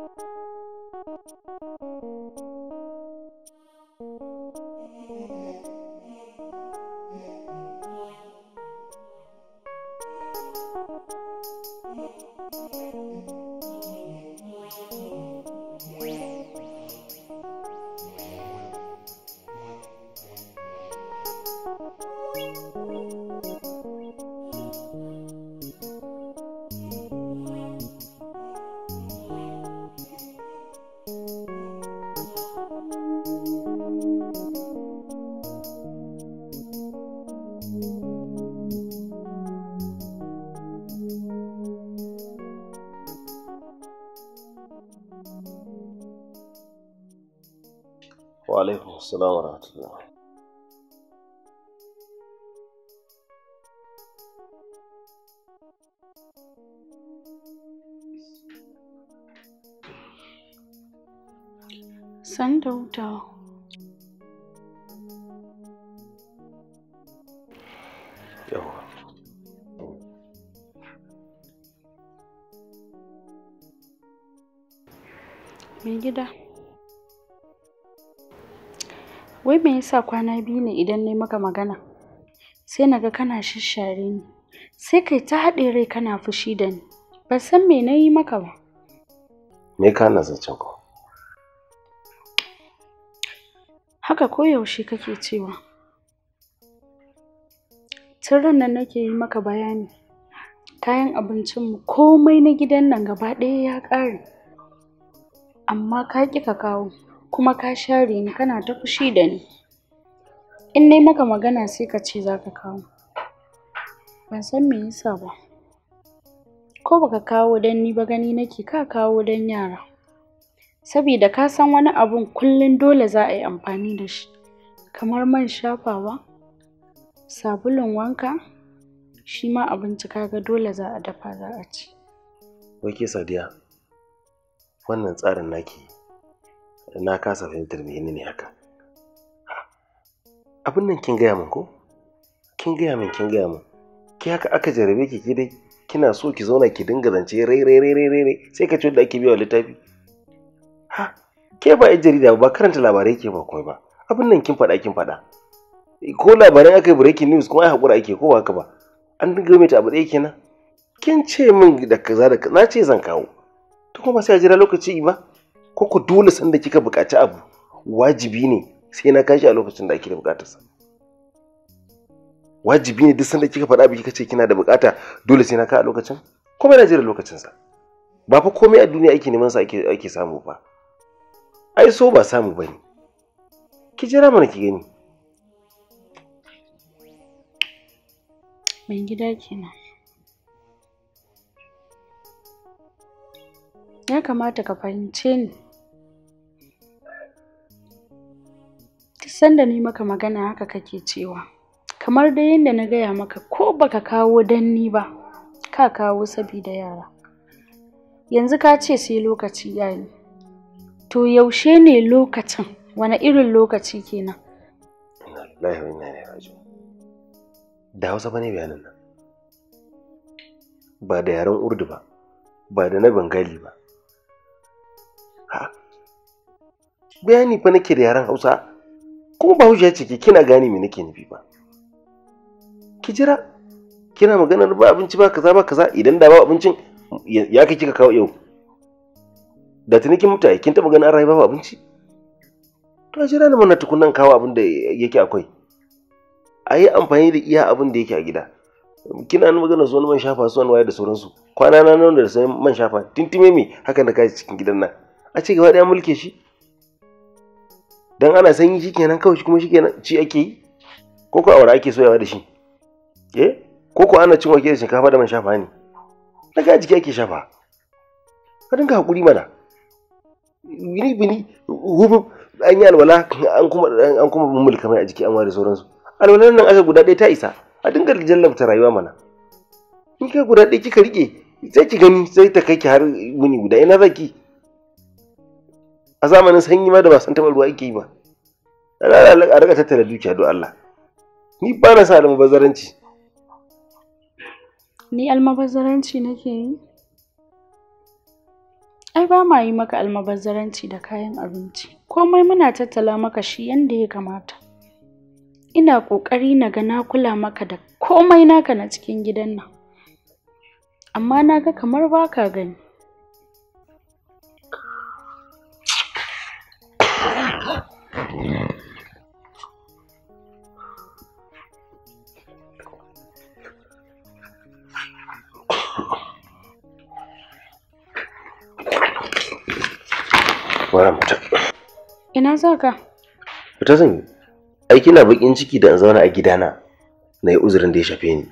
Thank you. wa alaikum assalam wa rahmatullah san yawa mai gida wai me yasa kwana biyu ne idan na yi maka magana sai na ga kana shishare ni sai kai ta haɗe rai kana fushi da ni ban san me na yi maka ba me ka na zancen ko haka koyaushe kake cewa tun nan nake yi maka bayani kayan abincin mu komai na gidan nan gaba ɗaya ya ƙare amma ka ƙi ka kawo kuma ka share ni kana ta fushi da ni in nai maka magana sai ka ce za ka kawo ban san me yasa ba ko baka kawo dan ni ba gani nake ka kawo dan yara sabida ka san wani abu kullun dole za a yi amfani da shi kamar man shafawa sabulun wanka shi ma abinci kaga dole za a dafa za a ci. Wai ke Sadiya, wannan tsarin naki na kasa fahimtar menene ne haka abin nan kin gaya min ko kin gaya min kin gaya min ki haka aka jarabe ki ki dai kina so ki zauna ki dinga zance rai rai rai rai rai sai ka ci da ake biya wa littafi ha ke ba yan jarida ba karanta labarai ke ba komai ba abin nan kin faɗa kin faɗa ko labaran aka yi breaking news kuma ai haƙura ake ko ba haka ba an dinga mai abu ɗaya kenan kin ce min da kaza da na ce zan kawo to kuma sai a jira lokaci ba ko ku dole sanda kika buƙaci abu wajibi ne sai na kashi a lokacin da ake da sa. wajibi ne duk sanda kika faɗa abu kika ce kina da buƙata dole sai na ka a lokacin kuma yana jira sa ba fa komai a duniya ake neman sa ake samu ba ai so ba samu bane ki jira mana ki gani mai gida kenan ya kamata ka fahimce ni sanda ne maka magana haka kake cewa kamar dai yadda na gaya maka ko baka kawo danni ba ka kawo sabida yara yanzu ka ce sai lokaci ya yi to yaushe ne lokacin wani irin lokaci kenan lahi wani ne raju da hausa ba ne bayanin nan ba da yaren urdu ba ba da na bengali ba ha bayani fa nake da yaren hausa kuma ba ya ce kina gane me nake nufi ba ki jira kina magana ba abinci ba kaza ba kaza idan da ba abincin ya kai kika kawo yau da tuni kin mutaye kin taba ganin an rayu ba abinci to a jira na mana tukunan kawo abin da yake akwai a yi amfani da iya abin da yake a gida kina nan magana su wani man shafa su wani waye da sauransu kwana na nan da sai man shafa tintime me haka da kai cikin gidan nan a ce gaba daya mulke shi dan ana sanyi kenan kawai shi kuma kenan ci ake yi ko ko aure ake soyawa da shi eh ko ko ana cin wake da shinkafa da man shafa ne daga jiki ake shafa ka dinga hakuri mana bini bini hubu an yi alwala an kuma an kuma mulka mai a jiki an ware sauransu alwalan nan aka guda ɗaya ta isa a dinga jallabta rayuwa mana in ka guda ɗaya kika rike sai ki gani sai ta kai ki har muni guda ina zaki a zamanin sanyi ma da ba san taɓa ruwa yake yi ba a raka tattara dukiya don Allah ni ba na sa almubazzaranci ni almubazzaranci nake yi ai ba ma yi maka almubazzaranci da kayan abinci komai muna tattala maka shi yanda ya kamata ina ƙoƙari na ga na kula maka da komai naka na cikin gidan nan amma na ga kamar ba ka gani Bara mu Ina za ka? Fita zan yi. Ai kina bakin ciki da in zauna a gidana na yi uzurin da ya shafe ni.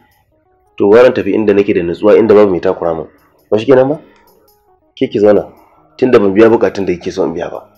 To waran tafi inda nake da nutsuwa inda babu mai takura min. Ba shi kenan ba? Ke ki zauna tunda ban biya bukatun da kike so in biya ba.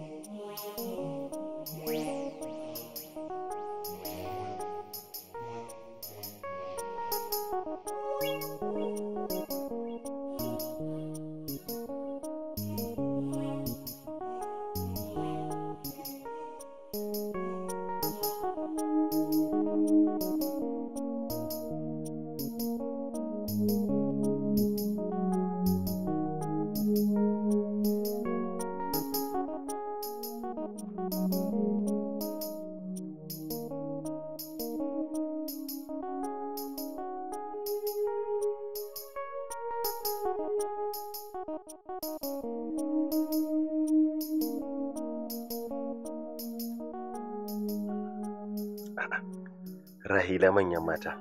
Rahila manyan mata.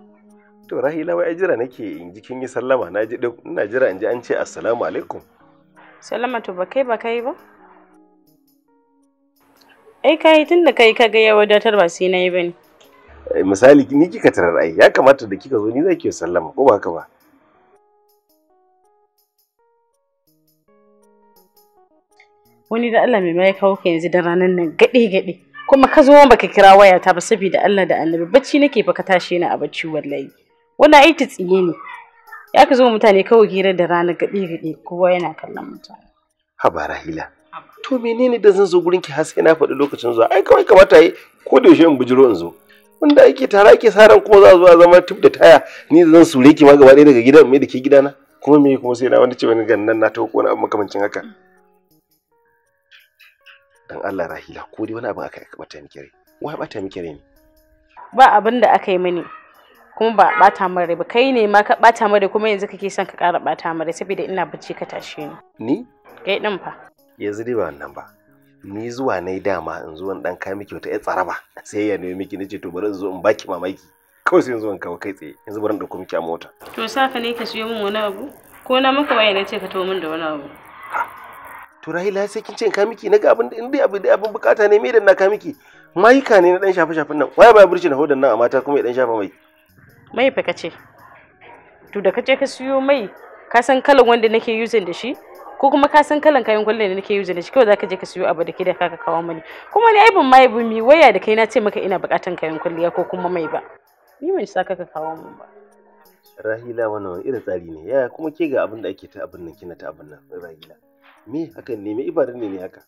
To Rahila wai jira nake in ji kin yi sallama na ji ina jira in ji an ce assalamu alaikum. Sallama to ba kai ba kai ba? Ai kai tun da kai kaga ya wadatar ba sai na yi bane. Eh, misali ni kika tarar ai ya kamata da kika zo ni zaki yi sallama ko ba haka ba? wani da Allah mai mai kawo ka yanzu da ranar nan gaɗe gaɗe kuma ka zo baka kira wayata ba saboda Allah da annabi bacci nake fa ka tashi ni a bacci wallahi wani ai ta tsiye ne ya ka zo mutane kawai hira da ranar gaɗe gaɗe kowa yana kallon mutane haba rahila to menene da zan zo gurin ki har na faɗi lokacin zuwa ai kawai kamata yi ko da yaushe in bujiro in zo wanda ake tara ake sa ran kuma za zuwa zama tub da taya ni zan sure ki ma gaba ɗaya daga gidan mai da ke gidana kuma me kuma sai na wani ce wani gannan na ta ko wani abu haka dan Allah rahila ko dai wani abin aka bata miki rai wai bata miki rai ne ba abin da aka yi mini kuma ba bata min rai ba kai ne ma ka bata min rai kuma yanzu kake son ka ƙara bata min rai saboda ina bacci ka tashi ni ni kai din fa yanzu dai ba wannan ba ni zuwa ne dama in zuwan dan ka miki wata yar tsaraba sai ya nemi miki nace to bari in zo in baki mamaki kawai sai in zo in kawo kai tsaye yanzu bari in dauko miki a mota to saka ne ka siyo min wani abu ko na maka waye nace ka to min da wani abu to la sai kin ce in ka miki na ga abin in dai abin abin bukata ne me da na ka miki mayuka ne na dan shafe shafin nan waya ba burci na hodan nan a mata kuma ya dan shafa mai mai fa kace to da kace ka siyo mai ka san kalan wanda nake using da shi ko kuma ka san kalan kayan gwallan da nake using da shi kawai zaka je ka siyo abu da ke da ka kawo mani kuma ni ai ban mai bin mi waya da kai na ce maka ina bukatan kayan kwalliya ko kuma mai ba ni mai sa ka kawo mun ba rahila wannan irin tsari ne yaya kuma ke ga abin da ake ta abin nan kina ta abin nan rahila me haka ne mai ibadar ne ne haka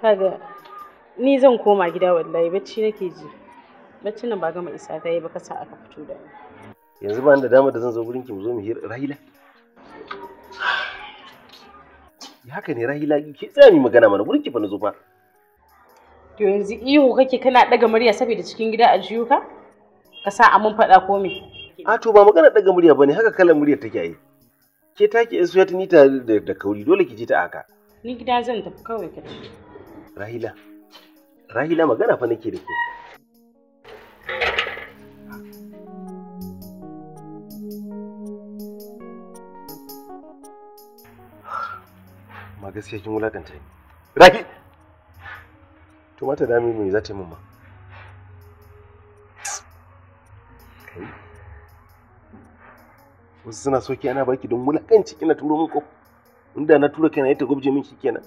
kaga ni zan koma gida wallahi bacci nake ji bacci nan ba gama isa ta yi ba kasa aka fito da ni yanzu ba da dama da zan zo gurin ki mu zo mu hira rahila ya haka ne rahila ki tsaya mi magana mana gurin ki fa na zo fa to yanzu ihu kake kana daga murya saboda cikin gida a jiyo ka ka sa mun faɗa ko me a to ba magana daga murya bane haka kalan murya take yi ke take in suya ni ta da kauri dole ki ji ta aka. ni gida zan tafi kawai ka ci rahila rahila magana fa nake da ke ma gaskiya kin wulakanta ni rahi to mata dami me za ta yi min ma kai wasu suna soke ana baki don wulakanci kina turo muku inda na tura kaina ita gwabje min kenan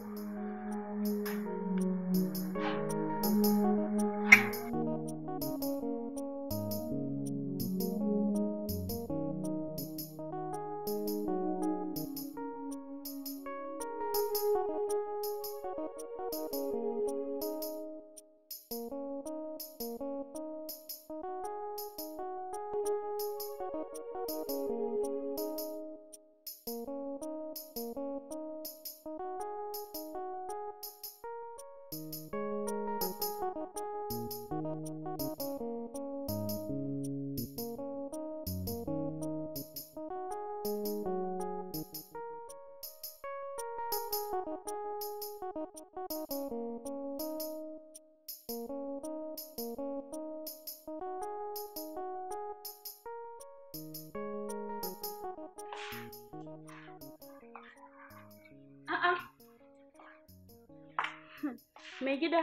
mai gida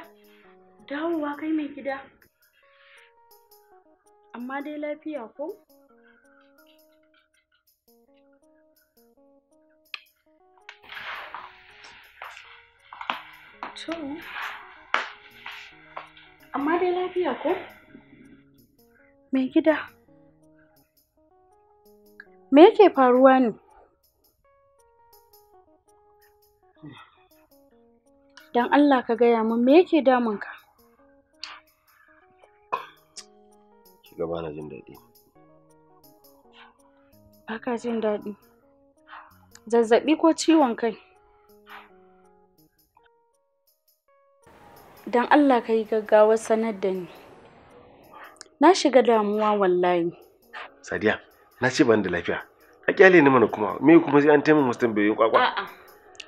dawowa kai mai gida amma dai lafiya ko to amma dai lafiya ko mai gida me yake faruwa ne don Allah ka gaya min me yake damun ka ki jin daɗi baka jin daɗi zazzaɓi ko ciwon kai don Allah ka yi gaggawar sanar da ni na shiga damuwa wallahi sadiya na ce ban da lafiya a kyale ni mana kuma me kuma sai an taimu musu yi kwakwa a'a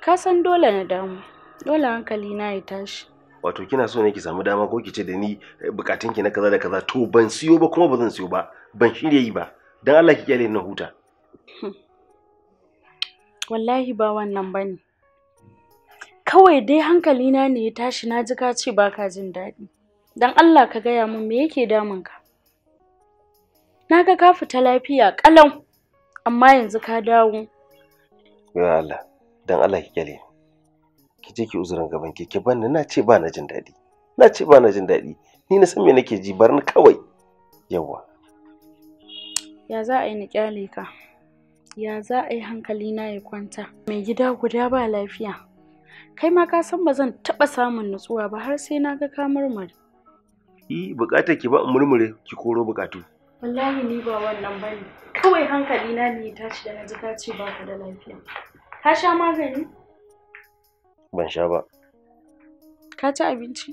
ka san dole na damu dole hankali na ya tashi wato kina so ne ki samu dama ko ki ce da ni eh, bukatun ki na kaza da kaza to ban siyo ba kuma ba zan siyo ba ban shirya yi ba dan Allah ki kyale na huta hmm. wallahi ba wannan bane kawai dai hankali na ne ya tashi na ji ka ce ba ka jin daɗi dan Allah ka gaya min me yake damun ka na ga ka fita lafiya kalau amma yanzu ka dawo ya Allah dan Allah ki kyale ni ki je ki uzurin gaban ki ki bani na ce ba na jin daɗi na ce ba na jin daɗi ni na san me nake ji bar ni kawai yawa ya za a yi na kyale ka ya za a yi hankali na ya kwanta mai gida guda ba lafiya kai ma ka san ba zan taɓa samun nutsuwa ba har sai na ga ka murmure i bukatar ki ba in murmure ki koro bukatu wallahi ni ba wannan bane kawai hankali na ne ya tashi da na ji ka ce ba ka da lafiya ka sha magani Ban sha ba. Ka ci abinci?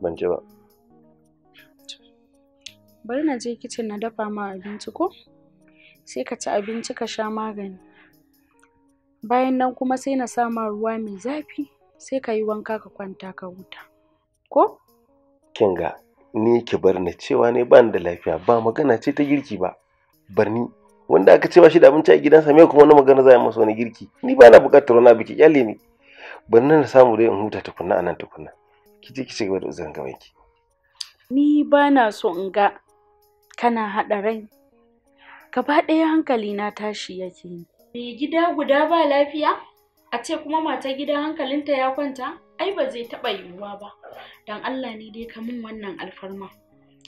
Ban ci ba. Bari na je kicin na dafa ma abinci ko? Sai ka ci abinci ka sha magani. Bayan nan kuma sai na sa ma ruwa mai zafi sai ka yi wanka ka kwanta ka huta. Ko? Kinga, ni ki bar cewa ne ban da lafiya ba magana ce ta girki ba. barni wanda aka ce ba shi da abinci a gidansa mai kuma wani magana za a yi masa wani girki ni ba na buƙatar wani abu ki kyale ni barni na samu dai in huta tukunna nan tukunna ki je ki ci gaba da uzurin gaban ki ni ba na so in ga kana haɗa rai gaba ɗaya hankali na tashi yake yi me gida guda ba lafiya a ce kuma mata gida hankalinta ya kwanta ai ba zai taɓa yiwuwa ba don allah ne dai ka min wannan alfarma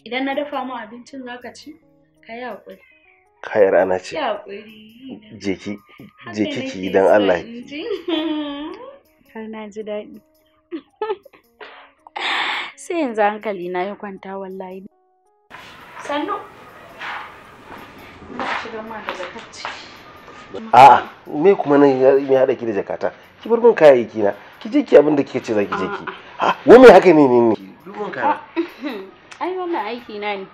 idan na dafa ma abincin zaka ci ka yi haƙuri kai rana ce jeki jeki ki dan Allah har na ji daɗi sai yanzu hankali na ya kwanta wallahi sannu ba shi da ma da zakar ciki me kuma nan ya haɗa ki da jakata ki bar min kayayyaki na ki je ki abin da kike ce za ki je ki ha wai me haka ne ne ne ai wannan aiki na ne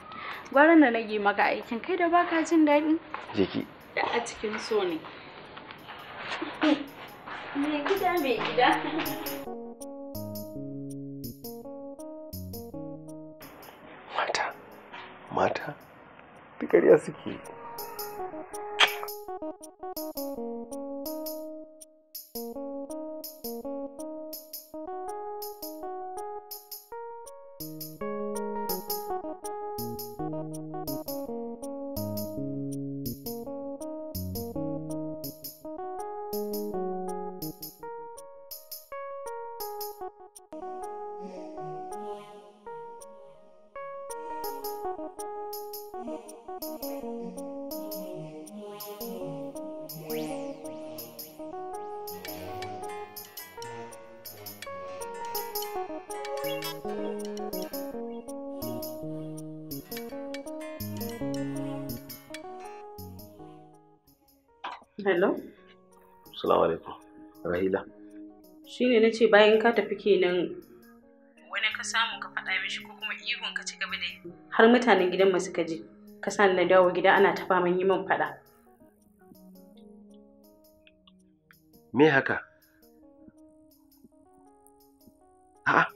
Gwaran da nage maka aikin kai da baka jin daɗi? Jiki. Da a cikin so ne. Me gida me gida. Mata, mata, duk ƙarya suke. Thank you. hello Assalamu alaikum. Rahila. Shi ne na ce bayan ka tafi kenan wani ka samu ka faɗa mishi ko kuma ihun ka ci gaba da yi. Har mutanen gidan masu suka je. Ka sa na dawo gida ana ta faman yi min faɗa. Me haka? A'a,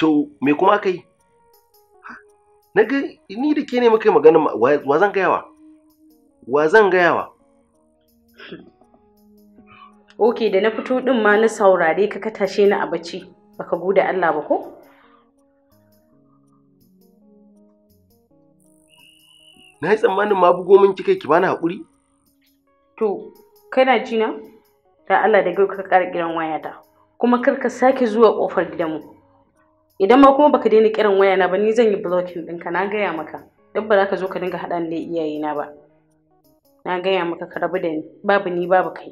to me kuma aka yi? Na ga ni da ke ne muka yi magana wa zan gayawa? Wa zan gayawa? ok da na fito din ma na saurare ka katashe ni a bacci baka gode Allah ba ko na yi tsammanin ma bugo min kika ki bani haƙuri to kana ji na da Allah da gau ka kiran wayata kuma kar ka sake zuwa ƙofar gidanmu idan ma kuma baka daina kiran wayana ba ni zan yi blocking ɗinka na gaya maka duk ba za ka zo ka dinga haɗa ni da iyayena ba na gaya maka ka rabu da ni babu ni babu kai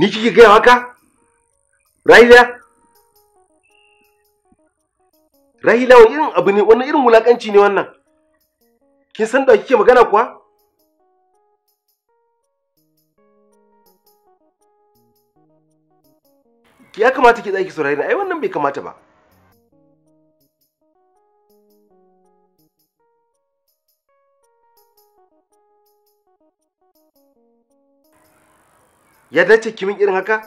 Ni kike gaya haka? Rahila? Rahila wani irin abu ne, wani irin wulakanci ne wannan? Kin san da kike magana kuwa? Ya kamata ki tsaki saurari ai wannan bai kamata ba. ya dace kimin irin haka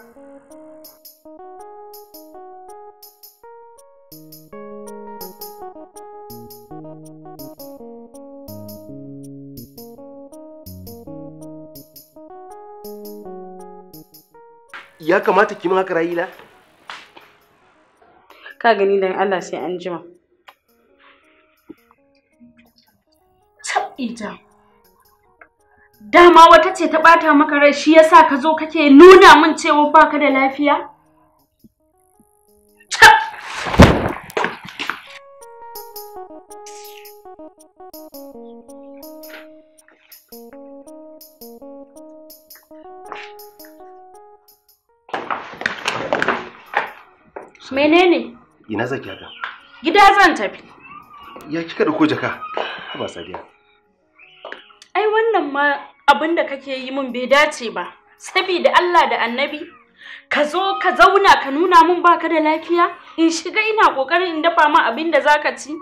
ya kamata kimin haka rayila ka gani don Allah sai an jima ita dama wata ce ta ɓata maka rai shi yasa ka zo kake nuna min cewa baka da lafiya? Menene? Ina zaki haka? Gida zan tafi. Ya kika da ko jaka? Ba sadiya. Ai wannan ma abin da kake yi min bai dace ba saboda Allah da annabi ka zo ka zauna ka nuna min baka da lafiya in shiga ina kokarin in dafa min abin da zaka ci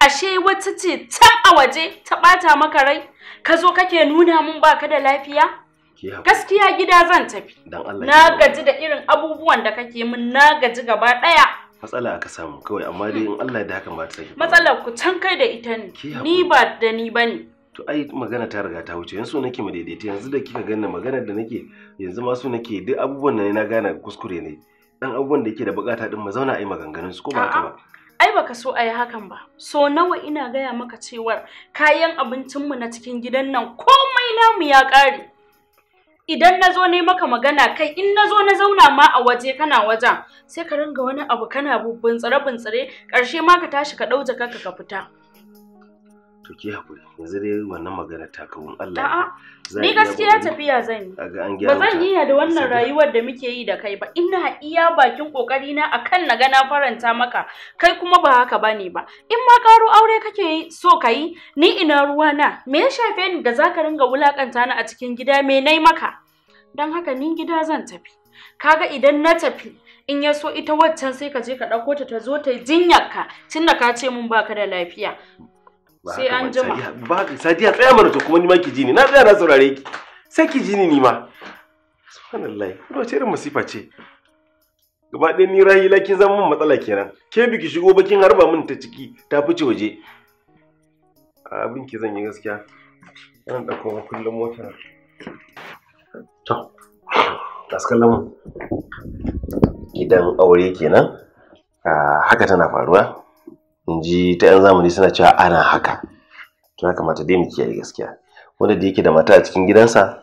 ashe wata ce can a waje ta bata maka rai ka zo kake nuna min baka da lafiya gaskiya gida zan tafi na gaji da irin abubuwan da kake min na gaji gaba daya matsala aka samu kawai amma dai in Allah da haka ba ta matsalar ku can kai da ita ni ba da ni bane to ai magana ta riga ta wuce yanzu nake mu daidaita yanzu da kika ganna magana da nake yanzu ma so nake duk abubuwan nan na gane kuskure ne dan abubuwan da yake da bukata din mu zauna ai maganganun su ko ba haka ba ai baka so ayi hakan ba so nawa ina gaya maka cewar kayan abincin mu na cikin gidan nan komai namu ya kare idan nazo zo ne maka magana kai in na zo na zauna ma a waje kana wajen sai ka ringa wani abu kana buntsare-buntsare karshe ma ka tashi ka ɗau jaka ka fita to ki hakuri yanzu dai wannan magana ta kawo Allah a'a ni gaskiya tafiya zan yi ba zan yi da wannan rayuwar da muke yi da kai ba ina iya bakin kokari na akan na ga na faranta maka kai kuma ba haka bane ba in ma karo aure kake so kai ni ina ruwa na me ya shafe ni da zaka ringa wulakanta ni a cikin gida me nai maka dan haka ni gida zan tafi kaga idan na tafi in ya so ita waccan sai ka je ka ɗauko ta ta zo ta jinyarka tunda ka ce mun baka da lafiya sai an jima ba sadiya tsaya mana to kuma ni ma ki ji ni na tsaya na saurare ki sai ki ji ni ma subhanallahi ko ce irin masifa ce gaba ɗaya ni rahila kin zama min matsala kenan ke biki shigo bakin harba min ta ciki ta fice waje abin ki zan yi gaskiya yana da kuma kullum mota to kaskalan gidan aure kenan ah, haka tana faruwa in ji ta 'yan zamani suna cewa ana haka to ya kamata dai mu kiyaye gaskiya wanda da yake da mata a cikin gidansa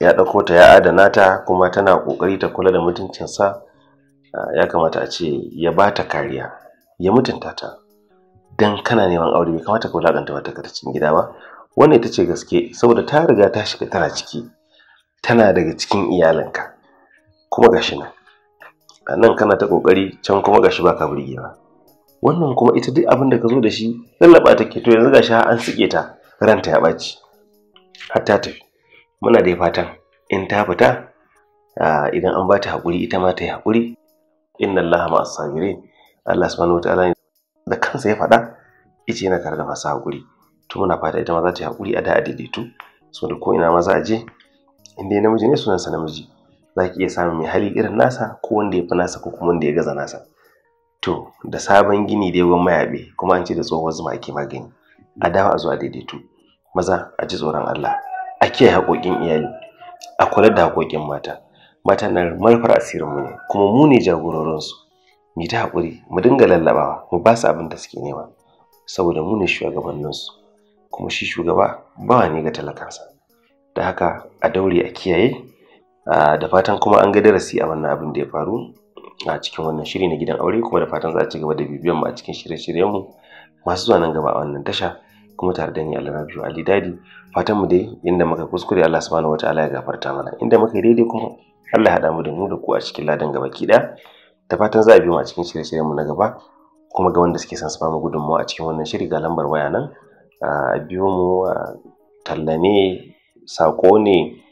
ya ɗauko ta ya adana ta kuma tana ƙoƙari ta kula da mutuncinsa ya kamata a ce ya ba ta kariya ya mutunta ta dan kana neman aure bai kamata ka wulaƙanta mata ka cikin gida ba wannan ita ce gaske saboda ta riga ta shiga tana ciki tana daga cikin iyalinka kuma gashi nan nan kana ta ƙoƙari can kuma gashi ba ka burgewa wannan kuma ita duk abin da ka zo da shi lallaba take to yanzu gashi an sike ta ranta ya ɓaci har ta tafi muna da fatan in ta fita idan an ba ta haƙuri ita ma ta yi haƙuri inna allaha ma as Allah subhanahu wataala da kansa ya faɗa ice yana tare da masu haƙuri to muna fata ita ma za ta yi haƙuri a da a daidaitu so da ko ina ma za a je in namiji ne sunansa namiji za ki iya samun mai hali irin nasa ko wanda ya fi nasa ko kuma wanda ya gaza nasa to da sabon gini da yawan mayabe kuma an ce da tsohon zuma ake magani a dawo a zuwa daidaito maza a ji tsoron Allah a kiyaye haƙoƙin iyali a kula da haƙoƙin mata mata na marfar asirinmu ne kuma mu ne jagororinsu mu ta haƙuri mu dinga lallabawa mu ba su abin da suke nema saboda mu ne shugabanninsu kuma shi shugaba ba ne ga talakansa da haka a daure a kiyaye ah, da fatan kuma an ga darasi a wannan abin da ya faru a cikin wannan shiri na gidan aure kuma da fatan za a ci gaba da bibiyan mu a cikin shirye-shiryenmu masu zuwa nan gaba a wannan tasha kuma tare da ni Allah biyo Ali Dadi fatan mu dai inda muka kuskure Allah subhanahu wataala ya gafarta mana inda muka yi daidai kuma Allah ya haɗa mu da mu da ku a cikin ladan gaba ki da fatan za a bi mu a cikin shirye-shiryenmu na gaba kuma ga wanda suke son su bamu gudunmawa a cikin wannan shiri ga lambar waya nan a biyo mu tallane, tallane saƙo ne